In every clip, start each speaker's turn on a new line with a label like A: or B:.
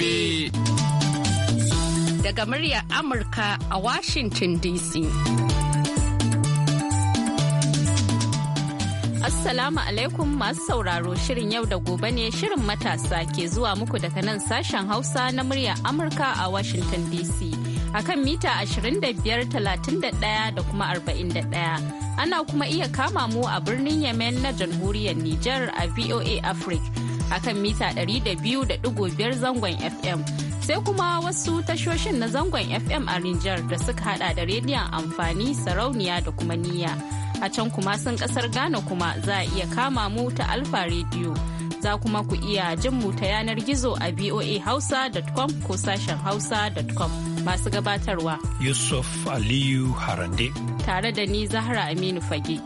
A: gobe.
B: Daga muryar Amurka
C: a Washington DC. Assalamu alaikum masu sauraro shirin yau da gobe ne shirin matasa ke zuwa muku daga nan sashen Hausa na muryar Amurka a Washington DC. akan mita 25, da kuma 41. ana kuma iya kama mu a birnin Yemen na jamhuriyar Nijar a VOA Africa akan mita 200.5 zangon FM. Sai kuma wasu tashoshin na zangon FM a Rinjar da suka hada da rediyon amfani sarauniya da kuma niyya. A can kuma sun kasar Ghana kuma za a iya kama mu ta Alfa rediyo Za kuma ku iya jin mu ta yanar gizo a voahausa.com ko sashen hausa.com masu gabatarwa.
D: Yusuf Aliyu Harande.
C: Tare da ni Zahra Aminu Fage.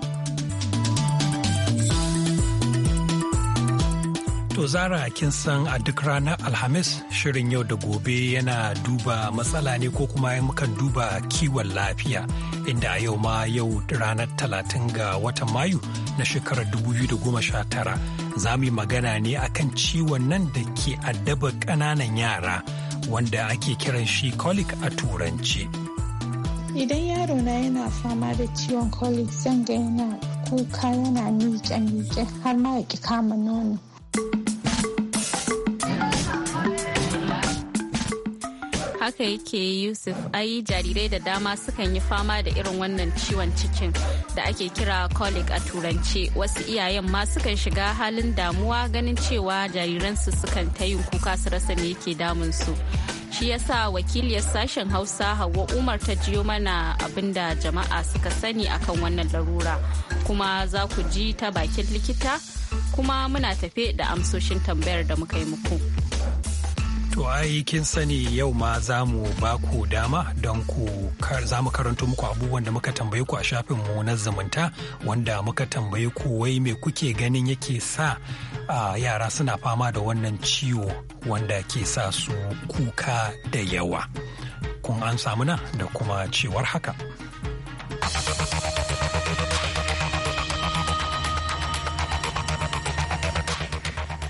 D: To zara kin san a duk ranar Alhamis shirin yau da gobe yana duba matsala ne ko kuma mukan duba kiwon lafiya inda a yau ma yau ranar talatin ga watan Mayu na shekarar 2019 za mu yi magana ne akan ciwon nan da ke addaba ƙananan yara wanda ake kiran shi colic a turanci.
A: Idan yaro na yana fama da ciwon colic zan ga yana kuka yana miƙe-miƙe har ma ya kama nono. haka
C: yake yusuf ai jarirai da dama sukan yi fama da irin wannan ciwon cikin da ake kira colic a turance wasu iyayen ma sukan shiga halin damuwa ganin cewa jariransu sukan ta yin kuka su rasa me yake damunsu shi yasa wakiliyar sashen hausa hawa umar ta jiyo mana abinda jama'a suka sani akan wannan larura kuma za ku ji ta bakin likita kuma muna tafe da amsoshin tambayar da muka yi
D: muku. To ai kin sani yau ma za mu ba ku dama don ku za mu karanto muku abubuwan da muka tambaye ku a shafin mu na zumunta wanda muka tambaye ku wai me kuke ganin yake sa yara suna fama da wannan ciwo wanda ke sa su kuka da yawa. Kun an samu na da kuma cewar haka.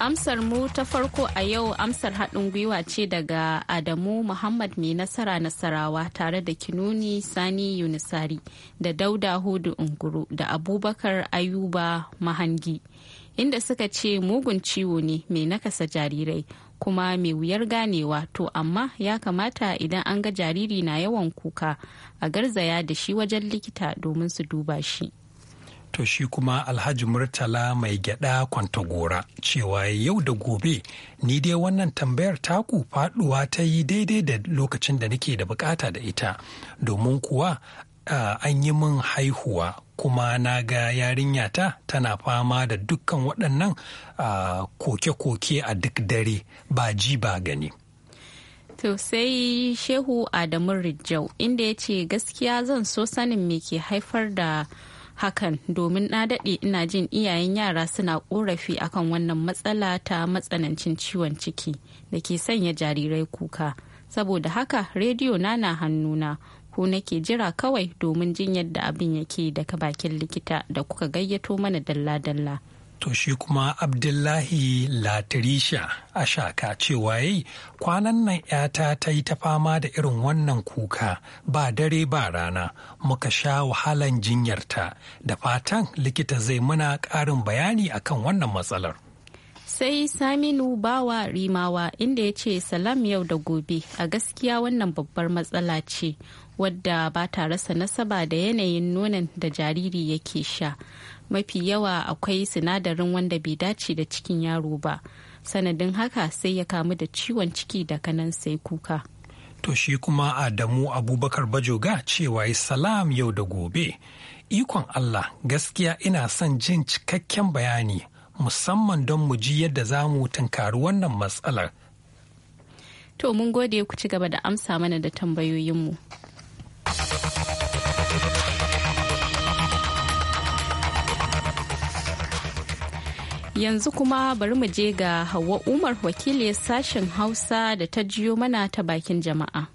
C: amsar mu ta farko a yau amsar haɗin gwiwa ce daga Adamu Muhammad mai nasara nasarawa tare da Kinuni Sani Yunisari da Dauda Hudu Unguru da Abubakar Ayuba Mahangi. Inda suka ce mugun ciwo ne mai nakasa jarirai kuma mai wuyar ganewa to amma ya kamata idan an ga jariri na yawan kuka a garzaya da shi wajen likita domin su duba shi.
D: to shi kuma alhaji murtala mai gyada kwantagora cewa yau da gobe ni dai wannan tambayar taku faduwa ta yi daidai da lokacin da nake da bukata da ita domin kuwa an yi min haihuwa kuma na ga yarinyata tana fama da dukkan waɗannan koke-koke a duk dare ba ji ba gani
C: To Shehu Adamu Rijau inda ya ce gaskiya zan so sanin me ke haifar da hakan domin na daɗe ina jin iyayen yara suna korafi akan wannan matsala ta matsanancin ciwon ciki da ke sanya jarirai kuka saboda haka rediyo na na hannuna ko nake jira kawai domin jin yadda abin yake daga bakin likita da kuka gayyato mana dalla-dalla.
D: to shi kuma abdullahi latirisha a shaka cewa yayi kwanan nan yata ta yi ta fama da irin wannan kuka ba dare ba rana muka sha wahalan jinyarta da fatan likita zai muna ƙarin bayani akan wannan matsalar
C: sai saminu bawa rimawa inda ya ce salam yau da gobe a gaskiya wannan babbar matsala ce wadda ba ta rasa nasaba da yanayin nonon da jariri yake sha mafi yawa akwai sinadarin wanda bai dace da cikin yaro ba sanadin haka sai ya kamu da ciwon ciki da kanan sai kuka
D: to shi kuma adamu abubakar bajoga cewa salam yau da gobe ikon allah gaskiya ina son jin cikakken bayani musamman don mu ji yadda za mu tunkari wannan matsalar
C: to mun gode ku ci gaba da amsa mana da tambayoyinmu. Yanzu kuma bari mu je ga Hauwa Umar wakili sashen Hausa da ta jiyo mana ta bakin jama'a.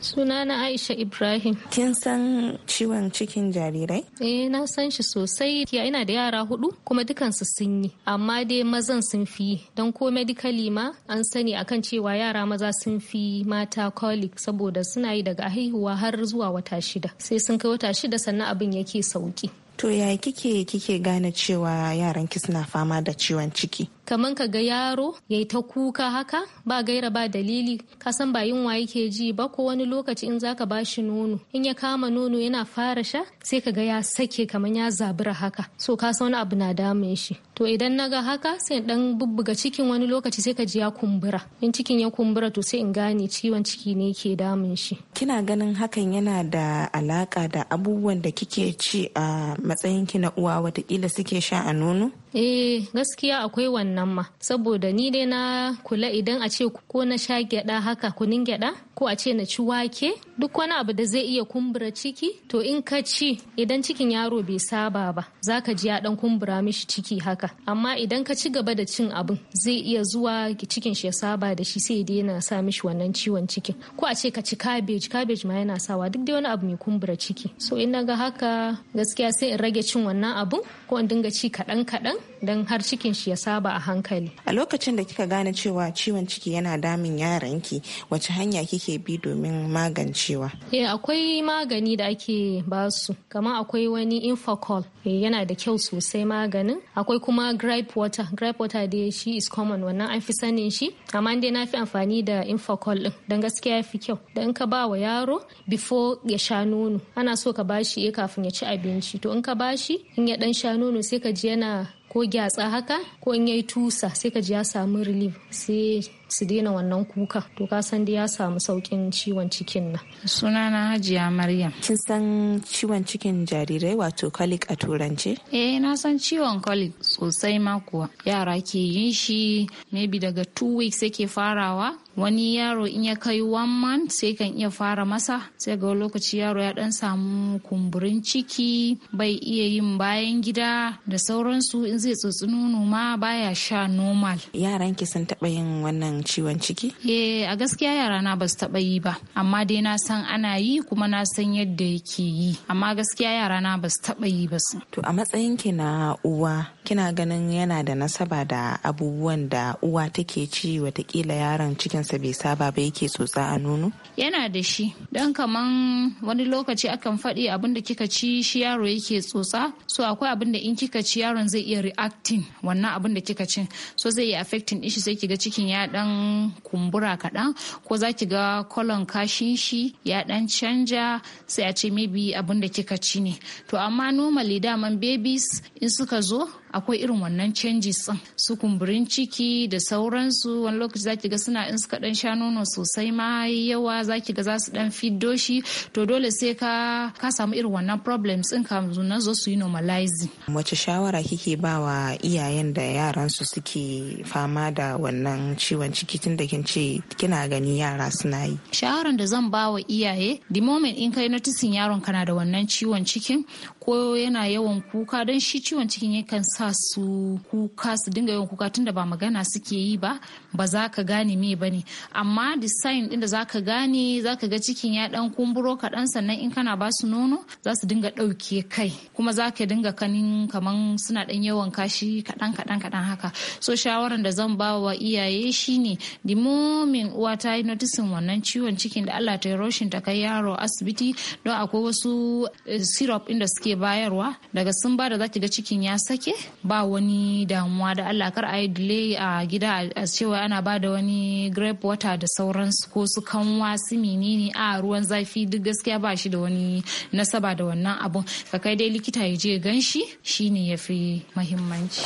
B: suna na Aisha Ibrahim. Kin san ciwon cikin jarirai? Eh na san shi sosai. Ya ina da yara hudu kuma dukansu sun yi. Amma dai mazan sun fi don ko medikali ma an sani akan cewa yara maza sun fi mata colic saboda suna yi daga haihuwa har zuwa wata shida. Sai sun kai wata shida sannan abin yake sauki. To ya kike
E: kike gane cewa yaran ki suna fama da ciwon ciki?
B: kaman ka ga yaro ya ta kuka haka ba gaira ba dalili ka san ba yunwa yake ji ba ko wani lokaci in zaka ba shi nono in ya kama nono yana fara sha sai ka ga ya sake kaman ya zabura haka so ka san wani abu na damun shi to idan na ga haka sai dan bubbuga cikin wani lokaci sai ka ji ya kumbura in cikin ya kumbura to sai in gane ciwon ciki ne ke damun shi kina
E: ganin hakan yana da alaka da abubuwan da kike ci a matsayinki na uwa watakila suke sha a nono
B: Eh gaskiya akwai wannan ma saboda ni dai na kula idan a ce ko na sha gyada haka kunin gyada ko a ce na ci wake duk wani abu da zai iya kumbura ciki to in ka ci idan cikin yaro bai saba ba za ka ji ya dan kumbura mishi ciki haka amma idan ka ci gaba da cin abin zai iya zuwa cikin shi ya saba da shi sai dai yana sa mishi wannan ciwon cikin ko a ce ka ci cabbage cabbage ma yana sawa duk dai wani abu mai kumbura ciki so in naga haka gaskiya sai in rage cin wannan abun ko in dinga ci kaɗan kaɗan dan har cikin shi ya saba a hankali a lokacin da kika gane
E: cewa ciwon ciki yana damin yaranki wace hanya kike ake bi domin magancewa?
B: Eh akwai magani da ake basu kamar akwai wani infocol eh, yana da kyau sosai maganin akwai kuma gripe water gripe water dai shi is common wannan an fi sanin shi amma dai na fi amfani da infocol din don gaskiya ya fi kyau da in ka ba wa yaro before ya sha nono ana so ka ba shi eh, kafin ya ci abinci to in ka bashi in ya dan sha nono sai ka ji yana ko gyatsa haka ko in yayi tusa sai ka ji ya samu relief sai su daina wannan kuka to ka san dai ya samu saukin ciwon cikin nan sunana hajiya maryam kin san ciwon cikin jarirai wato colic a turance
F: eh na san ciwon colic sosai ma kuwa yara ke yin shi maybe daga two weeks yake farawa wani yaro in ya kai one month sai kan iya fara masa sai ga lokaci yaro ya dan samu kumburin ciki bai iya yin bayan gida da sauransu in zai tsotsi nono ma baya sha normal yaran ki sun taba yin wannan ciwon ciki? Eh a gaskiya yara na ba su taɓa yi ba amma dai na san ana yi kuma na san yadda yake yi amma gaskiya yara na ba su taɓa yi ba su. To a matsayin
E: ki na uwa kina ganin yana da nasaba da abubuwan da uwa take ci watakila yaron cikinsa bai saba ba yake tsotsa a nono?
F: Yana da shi, don kaman wani lokaci akan faɗi abin da kika ci shi yaro yake tsotsa, so akwai abin da in kika ci yaron zai iya reacting wannan abin da kika ci, so zai yi affecting ishi sai kiga cikin ya dan kumbura kaɗan, ko za ki ga kolon kashin shi ya dan canja sai a ce maybe abin da kika ci ne. To amma normally daman babies in suka zo akwai irin wannan canji din su kumburin ciki da sauransu wani lokaci zaki ga suna in suka dan sha nono sosai ma yawa zaki ga za su dan fiddo shi to dole sai ka samu irin wannan problems din ka na zo su yi normalizing
E: wace shawara kike ba wa iyayen da yaran su suke fama da wannan ciwon ciki tun da kin ce kina gani yara suna yi
F: shawaran da zan ba wa iyaye the moment in kai noticing yaron kana da wannan ciwon cikin ko yana yawan kuka don shi ciwon cikin yakan sa su kuka su dinga yawan kuka tunda ba magana suke yi ba ba za ka gane me ba ne amma the sign din da za ka gane za ka ga cikin ya dan kumburo kaɗan sannan in kana ba su nono za su dinga ɗauke kai kuma za ka dinga kanin kaman suna dan yawan kashi kaɗan kaɗan kaɗan haka so shawaran da zan ba wa iyaye shine the moment uwa ta yi notisin wannan ciwon cikin da Allah ta yi roshin ta kai yaro asibiti don akwai wasu eh, syrup inda suke bayarwa daga sun ba da zaki ga cikin ya sake ba wani damuwa da Allah kar a yi delay a gida a cewa ana ba da wani grape water da sauransu ko su kanwa wasu menene a ruwan zafi duk gaskiya ba shi da wani nasaba da wannan abun ka kai dai likita ya je gan shi shine ya fi mahimmanci.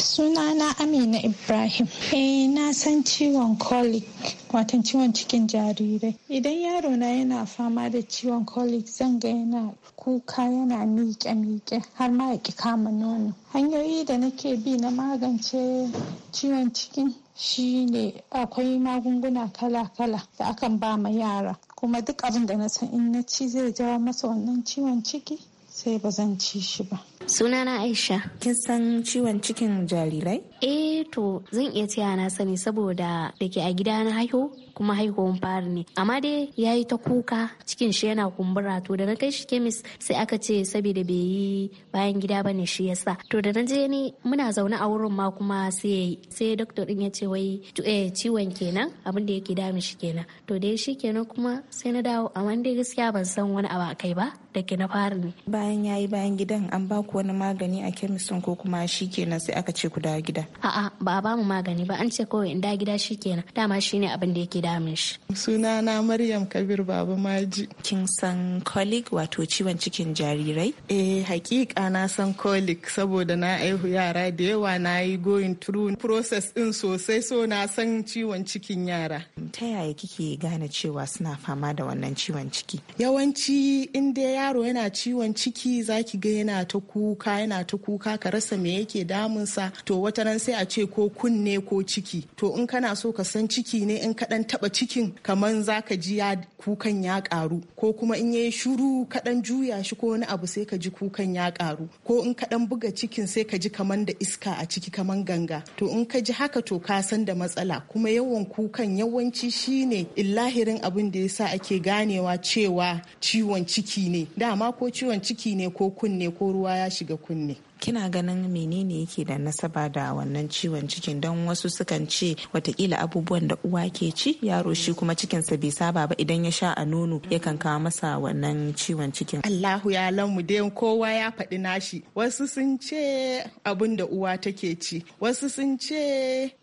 A: sunana amina ibrahim eh na san ciwon colic watan ciwon cikin jarirai idan yaro na yana fama da ciwon colic zan ga yana kuka yana miƙe-miƙe har ma ya ki kama nono hanyoyi da nake bi na magance ciwon cikin shine akwai magunguna kala-kala da akan ba ma yara kuma duk abin da na san in na ci zai jawo masa wannan ciwon ciki sai ba zan ci shi ba
G: Sunana Aisha. Kin san ciwon cikin jarirai? Eh to zan iya cewa na sani saboda da ke a gida na haihu kuma haihuwan fari ne. Amma dai ya yi ta kuka cikin shi yana kumbura to da na kai shi kemis sai aka ce saboda bai yi bayan gida ba ne shi yasa. To da na je ni muna zaune a wurin ma kuma sai sai doktor din ya ce wai eh ciwon kenan abin da yake damu shi kenan. To dai shi kenan kuma sai na dawo
E: amma dai gaskiya ban san wani abu a kai ba da ke na fari ne. Bayan yayi bayan gidan an ba ku wani magani a kemistin ko kuma shi kenan sai aka ce ku da gida a'a ba a bamu magani ba an ce kawai in da gida shi kenan dama shine abin da yake damun shi suna na maryam kabir baba
H: maji kin san colic wato ciwon cikin jarirai eh hakika na san colic saboda na aihu yara da yawa na yi going through process din sosai so na san ciwon cikin yara ta yaya kike gane cewa suna fama da wannan
E: ciwon ciki
H: yawanci inda yaro yana ciwon ciki zaki ga yana ta ku kuka yana ta kuka ka rasa me yake damunsa to wata ran sai a ce ko kunne ko ciki to in kana so ka san ciki ne in ka dan taba cikin kaman zaka ji ya kukan ya karu ko kuma in yayi shuru ka dan juya shi ko wani abu sai ka ji kukan ya karu ko in ka dan buga cikin sai ka ji kaman da iska a ciki kaman ganga to in ka ji haka to ka san da matsala kuma yawan kukan yawanci shine illahirin abin da yasa ake ganewa cewa ciwon ciki ne dama ko ciwon ciki ne ko kunne ko ruwa ya shiga kunne kina ganin menene yake da nasaba da wannan ciwon cikin don wasu sukan
E: ce watakila abubuwan da uwa ke ci yaro shi kuma cikinsa bai saba ba idan ya sha a nono
H: yakan kawo masa wannan ciwon cikin allahu ya lamu dai kowa ya faɗi nashi wasu sun ce abin da uwa take ci wasu sun ce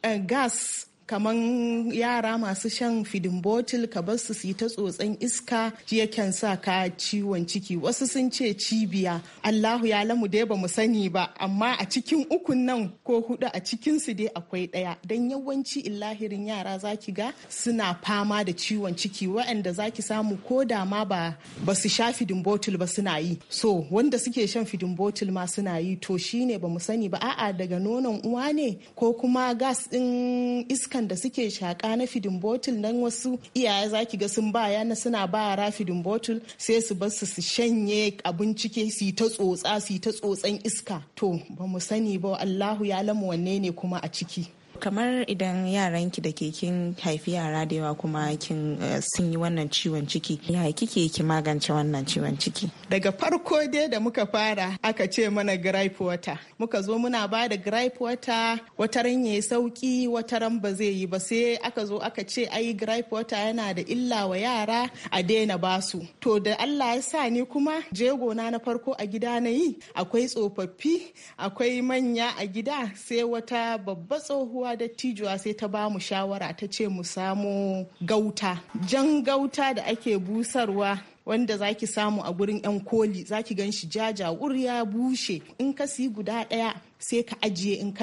H: eh, gas kaman yara masu shan fidin botil ka bar su yi ta tsotsan iska kyan sa ka ciwon ciki wasu sun ce cibiya allahu ya lamu dai ba mu sani ba amma a cikin ukun nan ko hudu a cikinsu dai akwai ɗaya don yawanci illahirin yara za ki ga suna fama da ciwon ciki waɗanda za ki samu ko da ma ba ba su sha fidin botil ba suna yi so wanda suke shan fidin botil ma suna yi to shine ba mu sani ba a'a daga nonon uwa ne ko kuma gas ɗin iska kan da suke shaka na fidin botul nan wasu iyaye za ki ga sun ba yana suna ba yara fidin botul sai su bar su shanye abin cike su ta tsotsa su ta tsotsan iska to ba mu sani ba Allahu ya lamu wanne ne kuma a ciki kamar idan
E: yaran ki da ke kin haifi yara da yawa kuma kin eh, sun yi wannan ciwon ciki ya kike ki magance wannan ciwon ciki
H: daga farko dai da muka fara aka ce mana gripe water muka zo muna ba da gripe water wataran ya sauki wataran ba zai yi ba sai aka zo aka ce ai gripe water yana da illa wa yara a daina su to da Allah ya sa ni kuma jego na na farko a gida na yi akwai tsofaffi akwai manya a gida sai wata babba tsohuwa wa dattijuwa sai ta ba mu shawara ta ce mu samu gauta jan gauta da ake busarwa wanda zaki samu a gurin 'yan koli zaki gan shi jaja wuri ya bushe in ka guda ɗaya sai ka ajiye in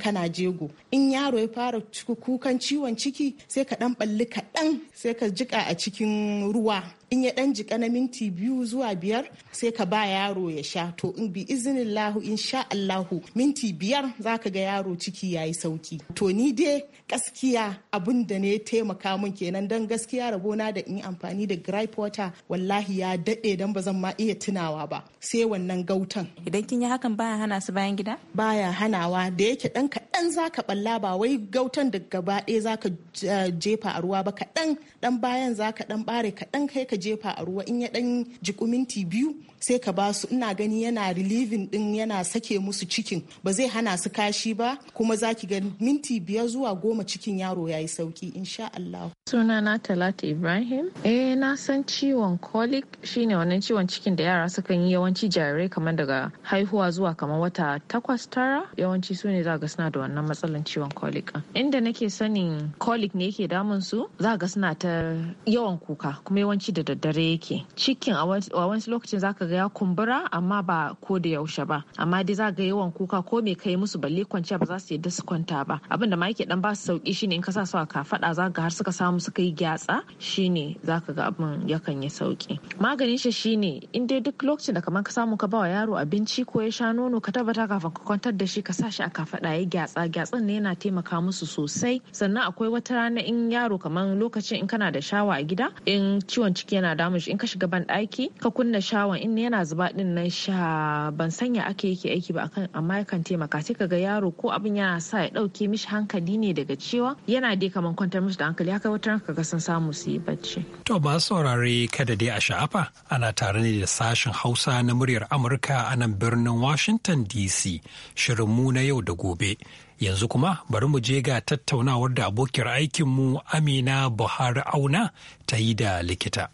H: kana jego in yaro ya fara kukan ciwon ciki sai ka dan balli kaɗan sai ka jika a cikin ruwa in ya dan jika na minti biyu zuwa biyar sai ka ba yaro ya sha to in bi izinin lahu in sha allahu minti biyar za ka ga yaro ciki ya yi sauki to ni dai gaskiya abin da ne taimaka min kenan don gaskiya rabona da in amfani da gripe water wallahi ya daɗe don ba zan ma iya tunawa ba sai wannan gautan idan kin yi hakan baya hana su bayan gida baya hanawa da yake dan kaɗan zaka balla ba wai gautan da gaba ɗaya zaka eh, jefa a ruwa ba kaɗan ɗan bayan zaka ɗan ɓare kaɗan kai ka jefa a ruwa in ya dan jiku minti biyu sai ka ba su ina gani yana relieving din yana sake musu cikin ba zai hana su kashi ba kuma zaki ga minti biyar zuwa goma cikin yaro yayi sauki insha Allah
A: sunana Talata Ibrahim eh na san ciwon colic shine wannan ciwon cikin da yara sukan yi yawanci jarirai kamar daga haihuwa zuwa kamar wata takwas takwas tara yawanci su ne za ga suna da wannan matsalan ciwon colic inda nake sanin kolik ne yake damun su za ga suna ta yawan kuka kuma yawanci da daddare yake cikin a wani lokacin za ka ga ya kumbura amma ba ko da yaushe ba amma dai za ga yawan kuka ko me kai musu balle kwanciya ba za su yadda su kwanta ba abin da ma yake dan ba su sauki shine in ka sa su a kafada za ga har suka samu suka yi gyatsa shine za ka ga abin yakan yi sauki maganin shi shine in dai duk lokacin da kamar ka samu ka ba wa yaro abinci ko ya sha nono ka tabbata kafin ka kwantar da shi ka sa shi a ya gyatsa gyatsan ne yana taimaka musu sosai sannan akwai wata rana in yaro kamar lokacin in kana da shawa a gida in ciwon ciki yana damun shi in ka shiga ban ɗaki ka kunna shawan in yana zuba din nan sha ban sanya ake yake aiki ba akan amma yakan taimaka sai kaga yaro ko abin yana sa ya ɗauke mishi hankali ne daga cewa yana dai kamar kwantar mishi da hankali haka wata ranka kaga sun samu su yi bacci.
D: To masu saurare kada dai a sha'afa ana tare ne da sashen Hausa na muryar Amurka a nan birnin Washington DC shirinmu na yau da gobe. Yanzu kuma bari mu je ga tattaunawar da abokiyar aikinmu Amina Buhari Auna ta yi da likita.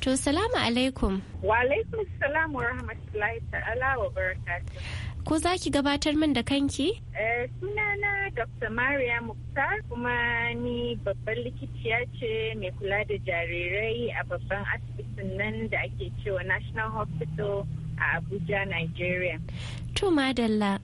G: To, salamu alaikum.
I: Wa alaikum salamu wa rahmatullahi ta'ala wa
G: Ko za ki gabatar min da kanki?
I: Eh, Suna na Dr. Maria Mukhtar kuma ni babban likiciya ce mai kula da jarirai a babban asibitin nan da ake cewa National Hospital a Abuja, Nigeria.
G: To Madalla,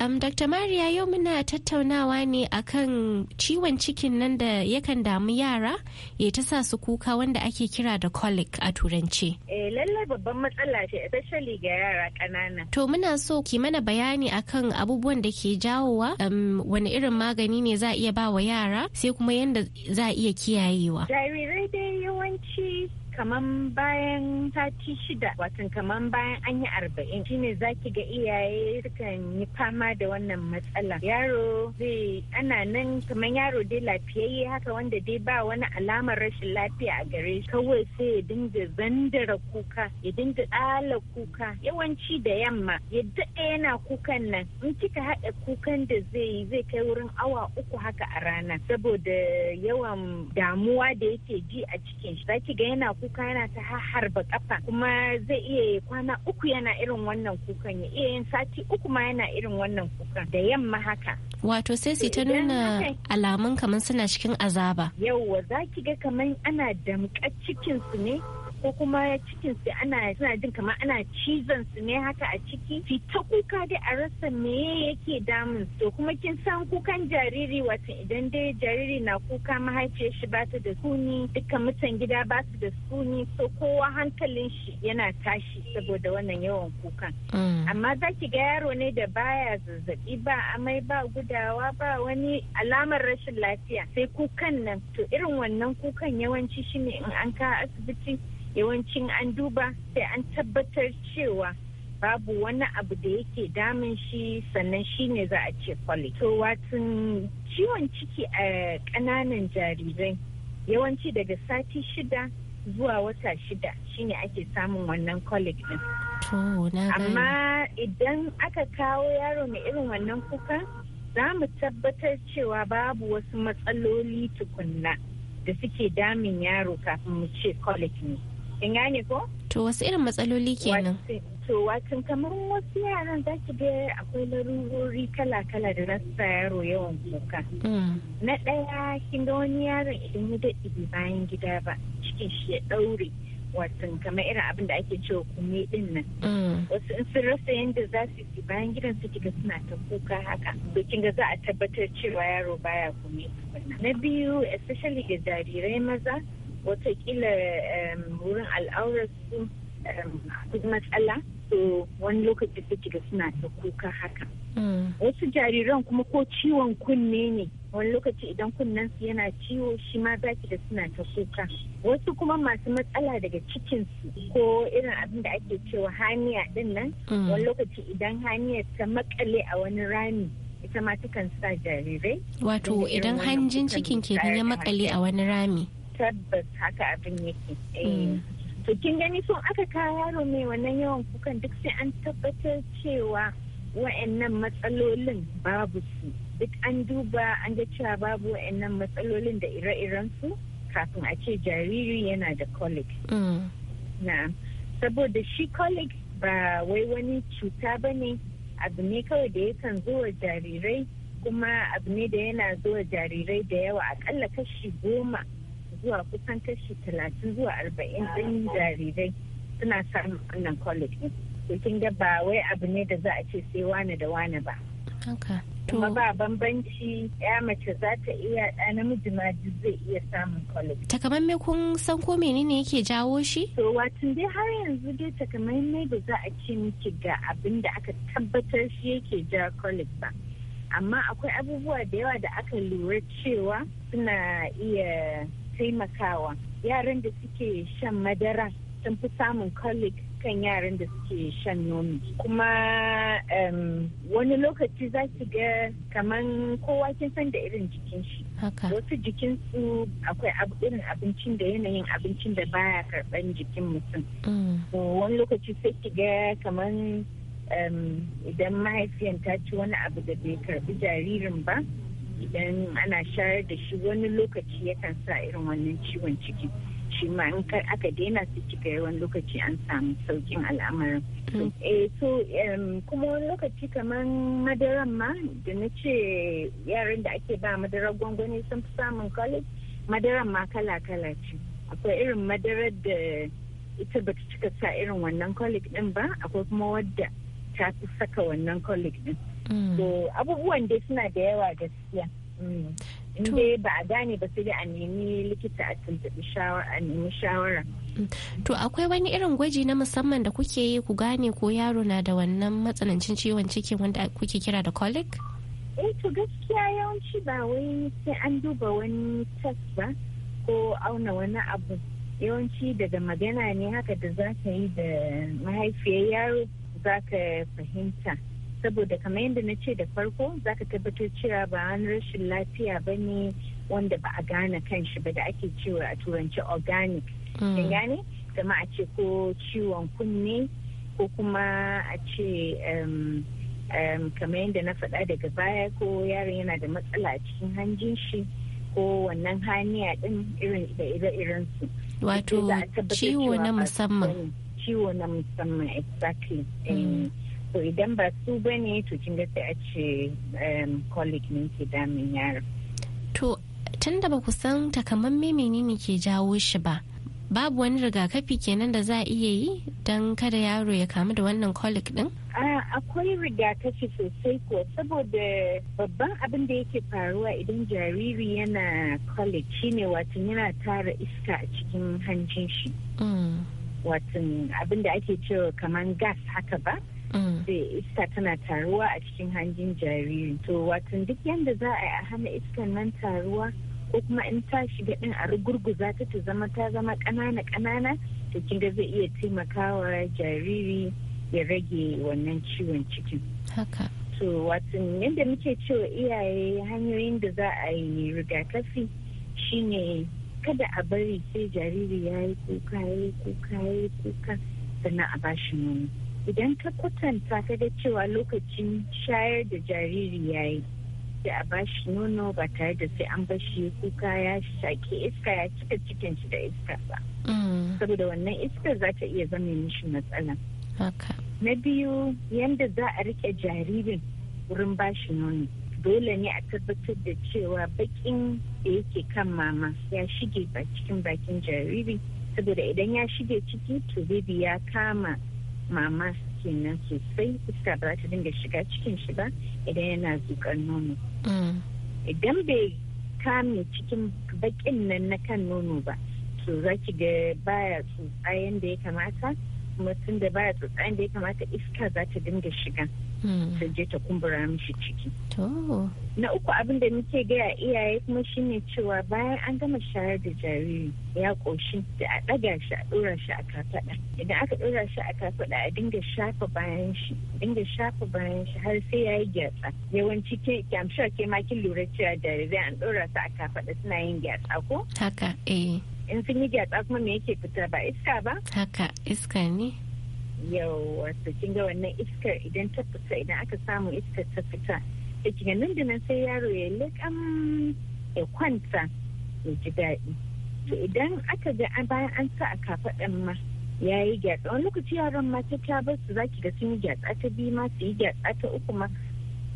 G: Um, Dr. Maria yau muna tattaunawa ne akan ciwon cikin nan da yakan damu yara ya ta sa su kuka wanda ake kira da colic a turance.
I: Eh lallai babban matsala ce especially ga yara ƙanana.
G: To muna so ki mana bayani akan abubuwan da ke jawowa um, wani irin magani ne za a iya ba wa yara sai kuma yanda za a iya kiyayewa.
I: Jarirai dai yawanci kamar bayan sati shida watan kamar bayan an yi arba'in shine zaki ga iyaye sukan yi fama fama da wannan matsala yaro zai ana nan kamar yaro dai lafiyayye haka wanda dai ba wani alamar rashin lafiya a gare shi kawai sai ya dinga zandara kuka ya dinga tsala kuka yawanci da yamma ya daɗe yana kukan nan in kika haɗa kukan da zai yi zai kai wurin awa uku haka a rana saboda yawan damuwa da yake ji a cikin shi zaki ga yana kuka yana ta harba kafa kuma zai iya kwana uku yana irin wannan kukan ya iya yin sati uku ma yana irin wannan wannan da yamma haka
G: wato sai su ta nuna alamun kamar suna cikin azaba
I: yauwa za ki ga kamar ana damƙa cikinsu ne ko kuma cikin su ana suna jin kamar ana cizon su ne haka a ciki fita kuka dai a rasa me yake damun to kuma kin san kukan jariri wato idan dai jariri na kuka mahaifiyar shi ta da suni duka mutan gida ba su da suni so kowa hankalin shi yana tashi saboda wannan yawan kukan
B: mm. amma
I: za ki ga yaro ne da baya zazzabi ba amai ba gudawa ba wani alamar rashin lafiya sai kukan nan to irin wannan kukan yawanci shine in an ka asibiti yawancin an duba sai an tabbatar cewa babu wani abu da yake damun shi sannan shi ne za a ce kwale. To watan ciwon ciki a ƙananan jarirai yawanci daga sati shida zuwa wata shida shine ake samun wannan colic din.
B: Amma
I: idan aka kawo yaro mai irin wannan kuka za mu tabbatar cewa babu wasu matsaloli tukunna da suke damun yaro kafin mu ce colic ne. in gane ko
G: to wasu irin matsaloli kenan
I: to watan kamar wasu yaran za ki ga akwai larurori kala-kala da na sa yaro yawan kuka mm. na ɗaya kin ga wani yaron idan ya daɗe bayan gida ba cikin shi ya ɗaure watan kamar irin abin da ake cewa kume din nan mm. wasu in sun rasa yadda za su yi bayan gidan su kiga suna ta kuka haka to ga za a tabbatar cewa yaro baya kume na biyu especially ga jarirai maza watakila wurin su duk matsala to wani lokaci suke da suna ta kuka haka hmm. wasu jariran kuma ko ciwon kunne ne wani lokaci idan kunnensu yana ciwo shi ma zaki da suna ta kuka wasu kuma masu matsala daga cikinsu ko irin abin da ake cewa haniya din nan hmm. wani lokaci idan haniya ta makale a wani rami ita ma sa jarirai wato idan hanjin cikin kenan ya makale a wani rami tabbas haka abin yake eh. mm. to kin gani sun aka kawo yaro mai wannan yawan kukan duk sai an tabbatar cewa wa'annan matsalolin babu su duk an duba an ga cewa babu wa'annan matsalolin da ire-iren su kafin a ce jariri yana da colic mm. na saboda shi colic ba wai wani cuta ba ne abu ne kawai da yakan zo wa jarirai kuma abu ne da yana zuwa jarirai da yawa akalla kashi goma zuwa kusan kashi talatin zuwa arba'in ɗin jarirai suna samun wannan college to kin ba wai abu ne da za a ce sai wane da wane ba kuma ba bambanci ya mace za ta iya ɗa namiji ma zai iya samun college
G: takamaimai kun san ko menene yake jawo shi
I: to watan dai har yanzu dai takamaimai da za a ce miki ga abin da aka tabbatar shi yake ja college ba amma akwai abubuwa da yawa da aka lura cewa suna iya taimakawa yaran da suke shan madara sun fi samun colic kan yaran da suke shan nono kuma wani lokaci za su ga kaman kowa kin san da irin jikin shi wasu jikin su akwai irin abincin da yanayin abincin da baya karban jikin mutum mm. wani lokaci sai ki ga kaman idan mahaifiyan ta ci wani abu da bai karbi jaririn ba idan ana shayar da shi wani lokaci yakan sa irin wannan ciwon ciki shi ma in aka daina su cika wani lokaci an samu saukin al'amarin mm. eh so kuma wani lokaci kamar madaran ma da na ce yaran da ake ba madarar gwangwani sun fi samun college madaran ma kala-kala ce akwai irin madarar da ita ba ta cika sa irin wannan colic din ba akwai kuma wadda ta fi saka wannan colic din mm. so abubuwan dai suna da yawa gaskiya mm. in dai ba a gane ba sai dai a nemi likita a tuntuɓi a nemi shawara mm.
G: to akwai wani irin gwaji na musamman da kuke yi ku gane ko yaro na da wannan matsanancin ciwon ciki wanda kuke kira da colic
I: eh to gaskiya yawanci ba wai sai an duba wani test ba ko auna wani abu yawanci daga magana ne haka da za ka yi da mahaifiyar yaro za ka fahimta saboda kamar yadda na ce da farko za ka tabbatar cewa ba wani rashin lafiya ba ne wanda ba a gane kan shi ba da ake cewa a turanci organic da hmm. gane kama a ce ko ciwon kunne ko kuma a ce kamar yadda na faɗa daga baya ko yaron yana da matsala a cikin hanjin shi ko wannan haniya din irin da ire-irensu
G: wato ciwo
I: na musamman ciwo na musamman exactly mm. eh, so idan ba su ne to kin ga sai a ce um, colic ne ke damin yaro. to
G: tun da ba ku san takamamme menene ke jawo shi ba babu wani rigakafi kenan da za a iya yi don kada yaro ya kamu da wannan colic din?
I: akwai rigakafi sosai ko saboda babban abin da yake faruwa idan jariri yana colic shine wato yana tara iska a cikin hancin shi mm. watan abin da ake cewa kamar gas haka ba da mm. iska tana taruwa a cikin hanjin jariri to watan duk yadda za a yi a hana iskan nan taruwa ko kuma in ta shiga din a rugurguza ta ta zama ta zama ƙanana ƙanana to kinga zai iya taimakawa jariri ya rage wannan ciwon cikin haka to watan yadda muke cewa iyaye hanyoyin da za a yi rigakafi shine kada a bari sai jariri ya yi kuka ya yi kuka ya yi kuka sannan a bashi nono idan ka kwatanta ta ga cewa lokacin shayar da jariri ya yi sai a bashi nono ba tare da sai an bashi kuka ya shaƙi iska ya cika cikin shi da iska ba mm. saboda wannan iskar za ta iya zama mishi matsala na biyu yadda za a rike jaririn wurin bashi nono dole ne a tabbatar da cewa bakin da yake kan mama ya shige ba cikin bakin jariri saboda idan ya shige ciki to baby ya kama mama kenan sosai iska ba ta dinga shiga cikin shi ba idan yana zukar nono mm. idan bai kame cikin bakin nan na kan nono ba to za ki ga baya tsotsa da ya kamata kuma tun da baya tsotsa da ya kamata iska za ta dinga shiga ta hmm. je ta kumbura mishi ciki na uku abin da muke gaya iyaye kuma shine cewa bayan an gama shayar da jariri ya koshi da a ɗaga shi a ɗora shi a kafaɗa idan aka ɗora shi a kafaɗa a dinga shafa bayan shi dinga shafa bayan shi har sai ya yi gyatsa yawanci ke kyamshar ke ma kin lura cewa jarirai an ɗora su a kafaɗa suna yin gyatsa ko
G: haka eh
I: in sun yi gyatsa kuma me yake fita ba iska ba
G: haka iska ne
I: yau wato kin ga wannan iskar idan ta fita idan aka samu iskar ta fita da kiga nan da nan sai yaro ya leƙan ya kwanta ya ji daɗi to idan aka ga bayan an sa a kafaɗan ma ya yi gyatsa wani lokaci yaron ma ta ta bar su zaki ga sun yi gyatsa ta biyu ma su yi gyatsa ta uku ma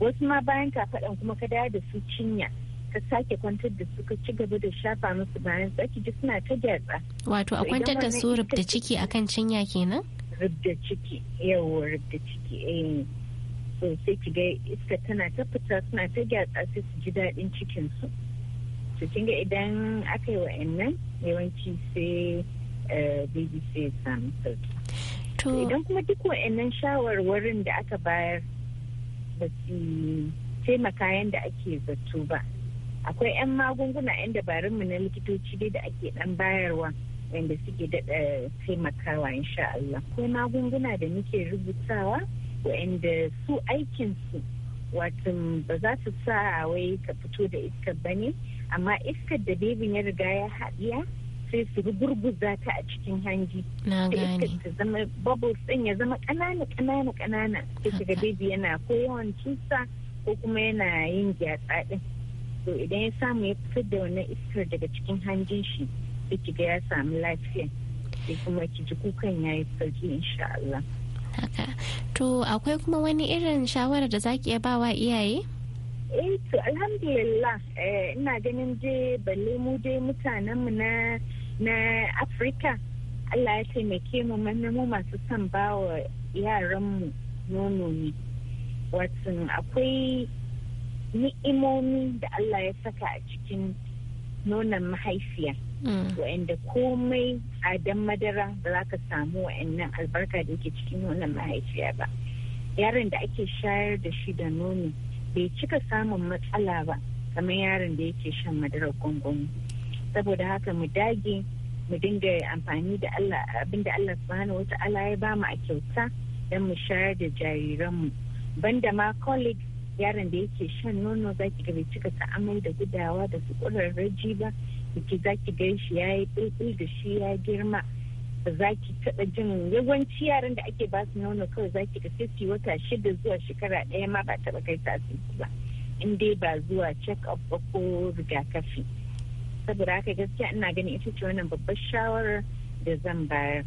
I: wasu ma bayan kafaɗan kuma ka dawo da su cinya ka sake kwantar da su ka ci gaba da shafa musu bayan ki ji suna ta gyatsa wato a kwantar da su
G: rubda ciki akan cinya kenan
I: rubda ciki yawo rubda ciki eh, so sai ki ga iska tana ta fita suna ta gyatsa sai su ji daɗin cikinsu su kinga idan aka yi wa'annan yawanci sai eh, baby sai samu sauki idan kuma duk wa'annan shawarwarin da aka bayar ba su taimaka yadda ake zato ba akwai 'yan magunguna 'yan dabarunmu na likitoci dai da ake dan bayarwa wanda suke daɗa taimakawa insha Allah. ko magunguna da muke rubutawa wa'anda su aikinsu watan ba za su sa wai ka fito da iskar ba ne amma iskar da bebin ya riga ya haɗiya sai su rugurguza ta a cikin hanji sai gani. ta zama bubbles ɗin ya zama ƙanana ƙanana ƙanana sai shiga bebi yana ko yawan cusa ko kuma yana yin gyatsa ɗin to idan ya samu ya fitar da wannan iskar daga cikin hanjin shi sai ki ga ya samu lafiya sai kuma ki ji kukan yi sauki insha Allah haka
G: to akwai kuma wani irin shawarar da zaki iya bawa iyaye
I: eh to alhamdulillah eh, ina ganin je balle mu je mutanen mu na na Afirka Allah ya taimake mu manne mu masu son bawa yaran mu nono ne watan akwai ni'imomi da Allah ya saka a cikin nonon mahaifiya mm. wa'anda komai a dan madara ba za ka samu wa'annan albarka da ke cikin nonon mahaifiya ba yaron da ake shayar da shi da nono bai cika samun matsala ba kamar yaron da yake shan madarar gwangwani saboda haka mu dage mu dinga amfani da Allah abinda Allah wata ala ya bamu a kyauta don mu shayar da jariranmu banda ma colleagues yaron da yake shan nono zaki ga bai cika ta amai da gudawa da su ƙwararraji ba ki zaki gan shi ya yi ɗulɗul da shi ya girma zaki taɓa jin yawanci yaran da ake ba su nono kawai zaki ga sai wata shida zuwa shekara ɗaya ma ba taɓa kai ta ba in dai ba zuwa check up ba ko rigakafi saboda haka gaskiya ina ganin ita ce wannan babbar shawarar da zan bayar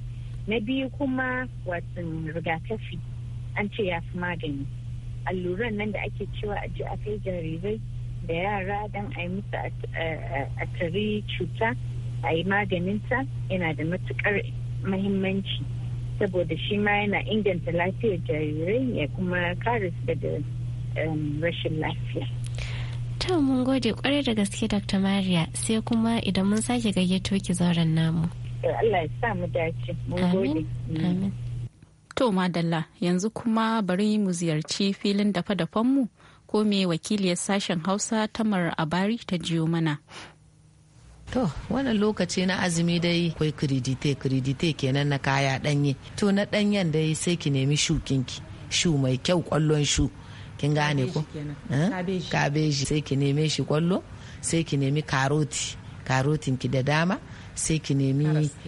I: na biyu kuma watan rigakafi an ce ya fi magani alluran nan da ake cewa a ji a jarirai da yara don a yi musu a tari cuta a yi maganinta yana da matukar mahimmanci saboda shi ma yana inganta lafiyar jarirai ya kuma kare su daga um, rashin lafiya.
G: ta mun gode kwarai da gaske Dr.
C: Maria sai kuma idan mun sake gayyato ki zauren namu.
I: Allah ya sa mu dace. Mun
B: gode.
C: To Madalla yanzu kuma bari mu ziyarci filin dafa-dafanmu ko me wakiliyar sashen Hausa Tamar Abari ta jiyo mana.
J: To, wannan lokaci na azumi dai kwai kiridite kiridite kenan na kaya danye. To na danyen dai sai ki nemi shukinki, shu mai kyau kwallon shu. Kin gane ko? Kabeji. Eh? Sai ki neme shi kwallo, sai ki nemi karoti, karotin ki da dama, sai ki nemi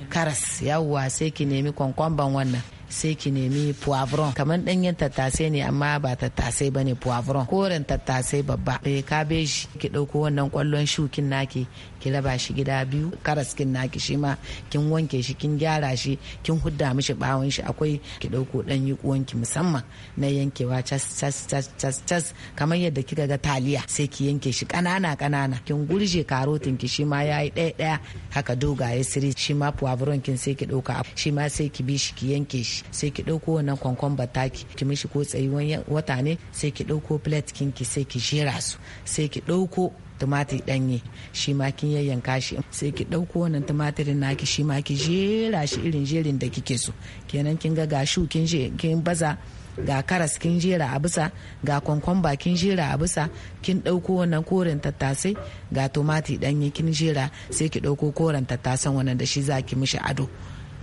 J: karas, yawwa sai ki nemi kwankwamban wannan. sai ki nemi poivron kamar danyen tattasai ne amma ba tattasai ba ne poivron koren tattasai babba eh kabeji ki ɗauko wannan kwallon shukin naki ki raba shi gida biyu karas kin naki shi ma kin wanke shi kin gyara shi kin hudda mishi bawon shi akwai ki ɗauko ɗan yi ki musamman na yankewa cas cas cas cas kamar yadda kika ga taliya sai ki yanke shi ƙanana ƙanana. kin gurje karotin ki shi ma yayi ɗaya ɗaya haka dogaye siri shi ma poivron kin sai ki ɗauka shi ma sai ki bi shi ki yanke shi sai ki ɗauko wannan kwankwamba bataki ki mishi ko tsayi wata ne sai ki ɗauko plate kinki sai ki jera su sai ki ɗauko tumatir ɗanye shi ma kin yayyanka shi sai ki ɗauko wannan tumatirin naki shi ma ki jera shi irin jerin da kike so kenan kin ga gashu kin kin baza ga karas kin jera a bisa ga kwankwamba kin jera a bisa kin ɗauko wannan koren tattasai ga tumatir ɗanye kin jera sai ki ɗauko koren tattasan wannan da shi za ki mishi ado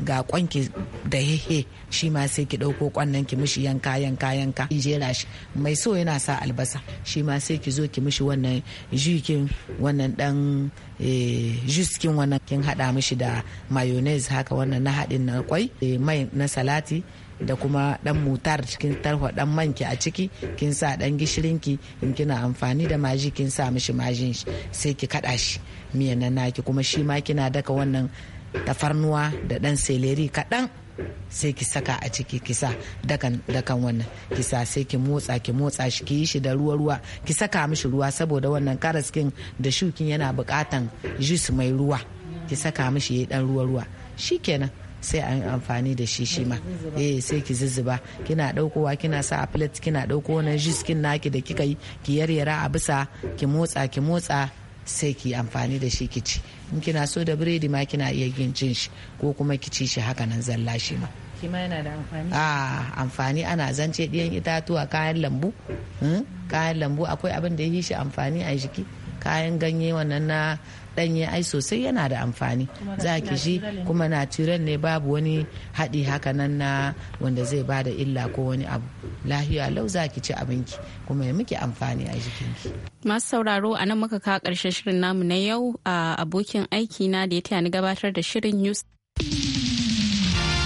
J: ga kwanki da hehe shi ma sai ki ɗauko kwannan ki mishi yanka yanka yanka ki jera shi mai so yana sa albasa shi ma sai ki zo ki mishi wannan jikin wannan dan eh, jiskin wannan kin haɗa mishi da mayonnaise haka wannan na haɗin na kwai eh, mai na salati da kuma dan mutar cikin tarho dan manki a ciki kin sa dan gishirinki in kina amfani da maji kin sa mishi majin sai ki kada shi miyan nan naki kuma shi ma kina daka wannan tafarnuwa da ɗan seleri kaɗan sai ki saka a ciki kisa dakan dakan wannan kisa sai ki motsa ki motsa shi ki yi shi da ruwa ruwa ki saka mishi ruwa saboda wannan karaskin da shukin yana bukatan jus mai ruwa ki saka mishi ya dan ruwa ruwa kenan sai an amfani da shi shi ma eh sai ki zuzzuba kina daukowa kina sa a plate kina dauko wannan jus kin naki da kika yi ki yaryara a bisa ki motsa ki motsa sai ki amfani da shi ki ci in kina so da biredi ma kina iya yin cin shi ko kuma ki ci shi haka nan zalla shi ma kima a amfani ana zance ɗiyan itatuwa kayan lambu hmm? kayan lambu akwai abin da ya yi shi amfani a jiki kayan ganye wannan na ɗanye ai sosai yana da amfani za ki shi kuma natural ne babu wani haɗi haka nan na wanda zai ba da illa ko wani abu lahiya lau za ki ci abinki kuma ya muke amfani a jikinki.
C: masu sauraro a nan muka kawo ƙarshen shirin namu na yau a abokin aiki na da ya taya ni gabatar da shirin news